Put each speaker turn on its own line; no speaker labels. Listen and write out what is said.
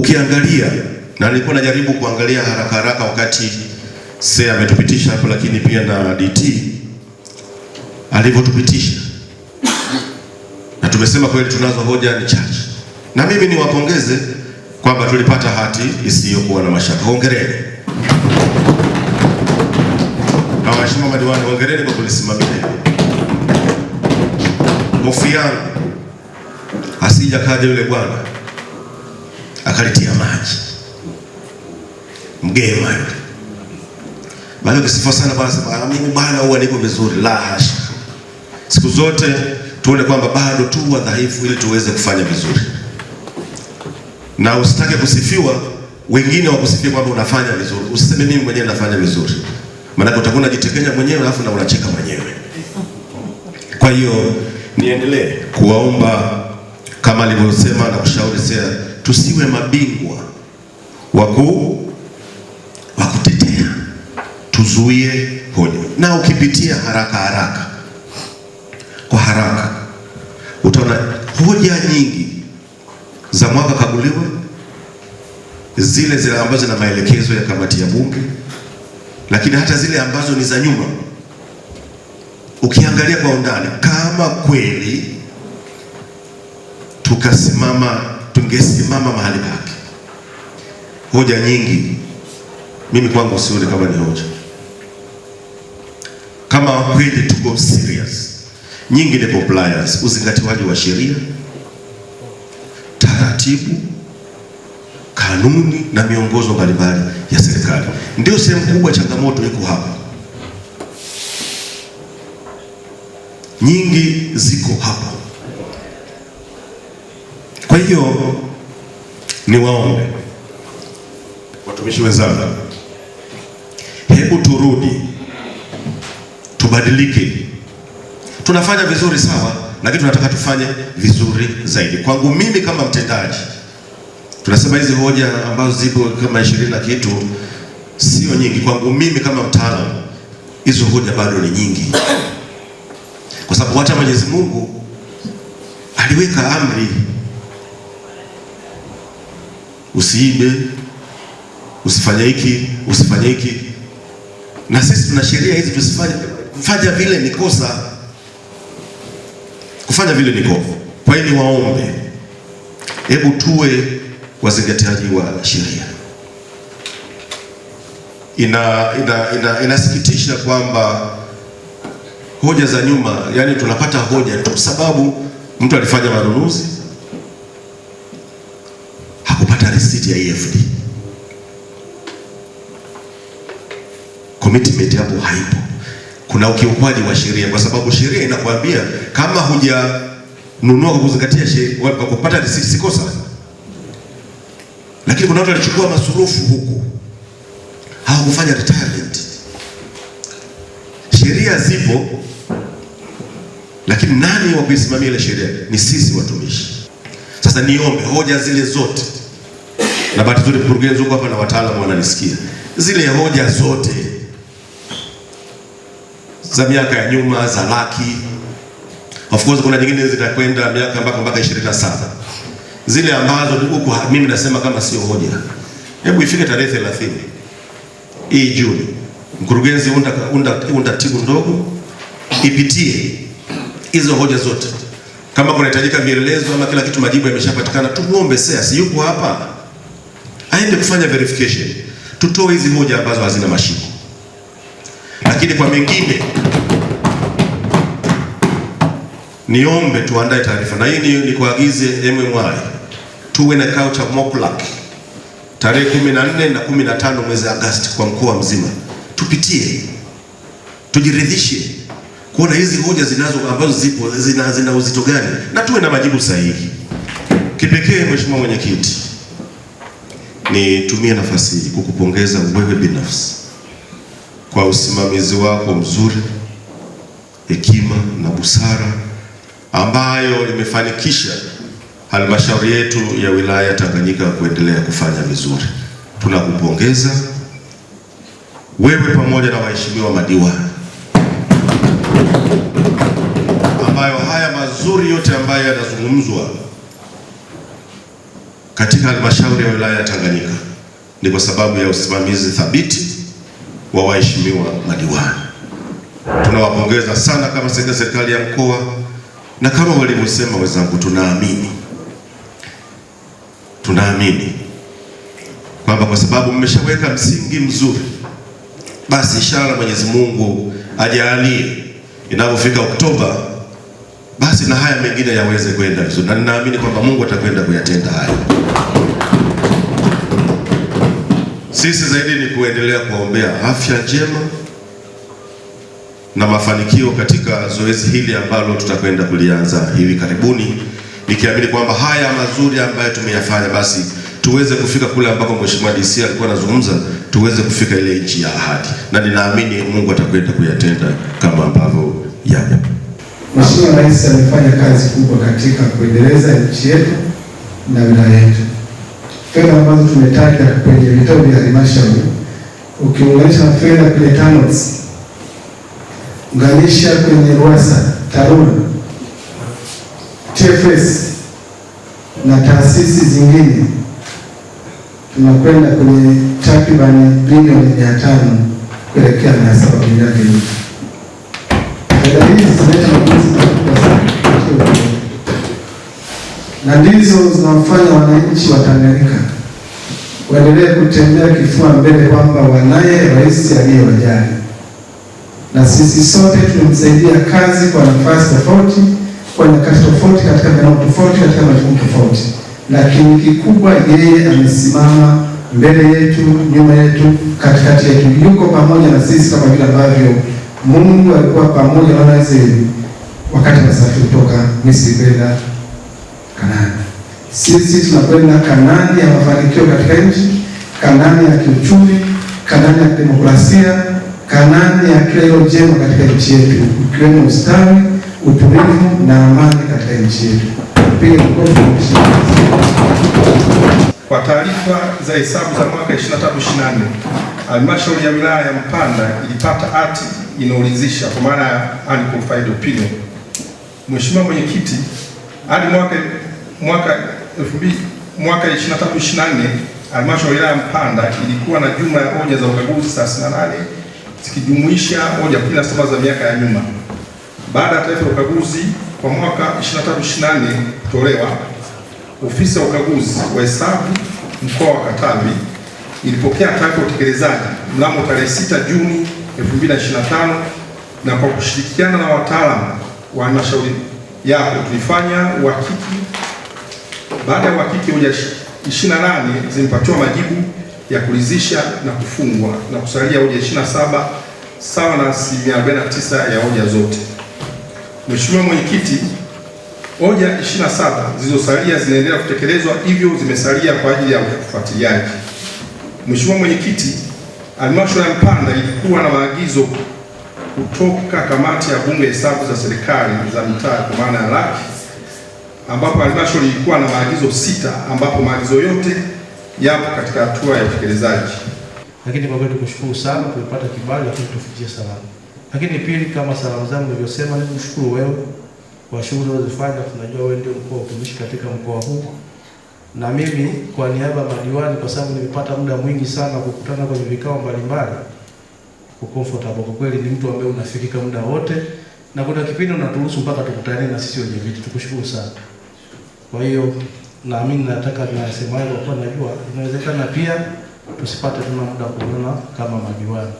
Ukiangalia na nilikuwa najaribu kuangalia haraka haraka wakati se ametupitisha hapo, lakini pia na DT alivyotupitisha, na tumesema kweli tunazo hoja ni chache, na mimi niwapongeze kwamba tulipata hati isiyokuwa na mashaka. Hongereni na waheshimiwa madiwani, hongereni kwa kulisimamia. Hofu yangu asija kaja yule bwana akalitia maji mgema. Maana ukisifu sana bwana sema mimi bwana huwa niko vizuri, la hasha. Siku zote tuone kwamba bado tu dhaifu ili tuweze kufanya vizuri, na usitake kusifiwa wengine wakusifia kwamba unafanya vizuri. Usiseme mimi mwenyewe nafanya vizuri, maana utakuwa unajitekenya mwenyewe alafu na unacheka mwenyewe. Kwa hiyo niendelee kuwaomba kama alivyosema na kushauri sasa tusiwe mabingwa wakuu wa kutetea, tuzuie hoja. Na ukipitia haraka haraka kwa haraka, utaona hoja nyingi za mwaka kaguliwe, zile zile ambazo zina maelekezo ya kamati ya Bunge, lakini hata zile ambazo ni za nyuma, ukiangalia kwa undani, kama kweli tukasimama ungesimama mahali pake. Hoja nyingi mimi kwangu sioni kama ni hoja, kama kweli tuko serious. Nyingi ni compliance, uzingatiwaji wa sheria, taratibu, kanuni na miongozo mbalimbali ya serikali. Ndio sehemu kubwa changamoto iko hapa, nyingi ziko hapa. Kwa hiyo niwaombe watumishi wenzangu, hebu turudi tubadilike. Tunafanya vizuri sawa, lakini tunataka tufanye vizuri zaidi. Kwangu mimi kama mtendaji, tunasema hizi hoja ambazo zipo kama ishirini na kitu sio nyingi. Kwangu mimi kama mtaalamu, hizo hoja bado ni nyingi, kwa sababu hata Mwenyezi Mungu aliweka amri usiibe, usifanye hiki, usifanye hiki. Na sisi tuna sheria hizi, tusifanye. Kufanya vile ni kosa, kufanya vile ni kovu. Kwa hiyo niwaombe, hebu tuwe wazingatiaji wa sheria. Ina, ina, ina, inasikitisha kwamba hoja za nyuma, yani tunapata hoja tu sababu mtu alifanya manunuzi hakupata risiti ya EFD. Commitment hapo haipo, kuna ukiukwaji wa sheria, kwa sababu sheria inakwambia kama hujanunua kwa kuzingatia sheria, kupata risiti si kosa, lakini kuna watu walichukua masurufu huku hawakufanya retirement. Sheria zipo, lakini nani wa kuisimamia ile sheria? Ni sisi watumishi. Sasa niombe hoja zile zote na bahati nzuri mkurugenzi huko hapa na wataalamu wananisikia, zile hoja zote za miaka ya nyuma za laki, of course kuna nyingine zitakwenda miaka mpaka mpaka 27 zile ambazo huko mimi nasema kama sio hoja, hebu ifike tarehe 30 hii Juni, mkurugenzi unda, unda, unda tibu ndogo ipitie hizo hoja zote, kama kunahitajika vielelezo ama kila kitu, majibu yameshapatikana. Tumuombe sasa, si yuko hapa? aende kufanya verification, tutoe hizi hoja ambazo hazina mashiko. Lakini kwa mengine, niombe tuandae taarifa, na hii kuagize MMI, tuwe na kikao cha MOCLAC tarehe 14 na 15 mwezi Agosti kwa mkoa mzima, tupitie tujiridhishe kuona hizi hoja zinazo ambazo zipo zina, zina uzito gani na tuwe na majibu sahihi. Kipekee Mheshimiwa Mwenyekiti nitumie nafasi hii kukupongeza wewe binafsi kwa usimamizi wako mzuri, hekima na busara ambayo imefanikisha halmashauri yetu ya wilaya Tanganyika kuendelea kufanya vizuri. Tunakupongeza wewe pamoja na waheshimiwa madiwani, ambayo haya mazuri yote ambayo yanazungumzwa katika halmashauri ya wilaya ya Tanganyika ni kwa sababu ya usimamizi thabiti wa waheshimiwa madiwani. Tunawapongeza sana kama serikali ya mkoa, na kama walivyosema wenzangu, tunaamini tunaamini kwamba kwa sababu mmeshaweka msingi mzuri, basi inshallah Mwenyezi Mungu ajalie inapofika Oktoba, basi na haya mengine yaweze kwenda vizuri, na ninaamini kwamba Mungu atakwenda kuyatenda haya. Sisi zaidi ni kuendelea kuombea afya njema na mafanikio katika zoezi hili ambalo tutakwenda kulianza hivi karibuni, nikiamini kwamba haya mazuri ambayo tumeyafanya basi tuweze kufika kule ambako Mheshimiwa DC alikuwa anazungumza, tuweze kufika ile nchi ya ahadi, na ninaamini Mungu atakwenda kuyatenda kama ambavyo yapo.
Mheshimiwa Rais amefanya kazi kubwa katika kuendeleza nchi yetu na wilaya yetu fedha ambazo tumetaja kwenye vitabu vya halmashauri, ukiunganisha na fedha kwenye TANROADS, unganisha kwenye RUWASA, TARURA, TFS na taasisi zingine, tunakwenda kwenye takribani bilioni mia tano kuelekea mia saba milioni. hizi zinaleta mapinduzi makubwa sana na ndizo zinawafanya wananchi wa Tanganyika waendelee kutembea kifua mbele kwamba wanaye rais aliyewajali, na sisi sote tumemsaidia kazi kwa nafasi tofauti, kwa nyakati tofauti, katika maeneo tofauti, katika majukumu tofauti, lakini kikubwa, yeye amesimama mbele yetu, nyuma yetu, katikati yetu, yuko pamoja na sisi kama vile ambavyo Mungu alikuwa pamoja na Israeli wakati safari kutoka Misri kwenda Kanani. Sisi tunakwenda Kanani ya mafanikio katika nchi, Kanani ya kiuchumi, Kanani ya demokrasia, Kanani ya kila iliyo jema katika nchi yetu, ikiwemo ustawi, utulivu na amani katika nchi yetu. Piga mkono.
Kwa taarifa za hesabu za mwaka 23/24 halmashauri ya wilaya ya Mpanda ilipata hati inaulizisha kwa maana ya unqualified opinion. Mheshimiwa Mwenyekiti, hadi mwaka mwaka 2023 24 halmashauri ya Mpanda ilikuwa na jumla ya hoja za ukaguzi 38 zikijumuisha hoja 17 za miaka ya nyuma. Baada ya taarifa ya ukaguzi kwa mwaka 23 24 kutolewa, ofisi ya ukaguzi wa hesabu mkoa wa Katavi ilipokea taarifa ya utekelezaji mnamo tarehe 6 Juni 2025 na kwa kushirikiana na wataalamu wa halmashauri yako tulifanya uhakiki baada ya uhakiki hoja 28 zimepatiwa majibu ya kuridhisha na kufungwa na kusalia hoja 27 sawa na asilimia 49 ya hoja zote. Mheshimiwa Mwenyekiti, hoja 27 zilizosalia zinaendelea kutekelezwa, hivyo zimesalia kwa ajili ya ufuatiliaji. Mheshimiwa Mwenyekiti, Halmashauri ya Mpanda ilikuwa na maagizo kutoka kamati ya bunge hesabu za serikali za mitaa kwa maana ya laki ambapo halmashauri ilikuwa na maagizo sita ambapo maagizo yote yapo katika hatua ya utekelezaji.
Lakini kwa kweli kushukuru sana, tumepata kibali, lakini tufikie salama. Lakini pili, kama salamu zangu nilivyosema, ni kushukuru wewe kwa shughuli unazofanya. Tunajua wewe ndio mkuu wa utumishi katika mkoa huu, na mimi kwa niaba ya madiwani, kwa sababu nimepata muda mwingi sana kukutana kwenye vikao mbalimbali comfortable kwa kweli, ni mtu ambaye unafikika muda wote, na kuna kipindi unaturuhusu mpaka tukutane na sisi wenye viti. Tukushukuru sana. Kwa hiyo naamini, nataka nasema hivyo kwa najua inawezekana pia tusipate tuna muda kuona kama madiwani.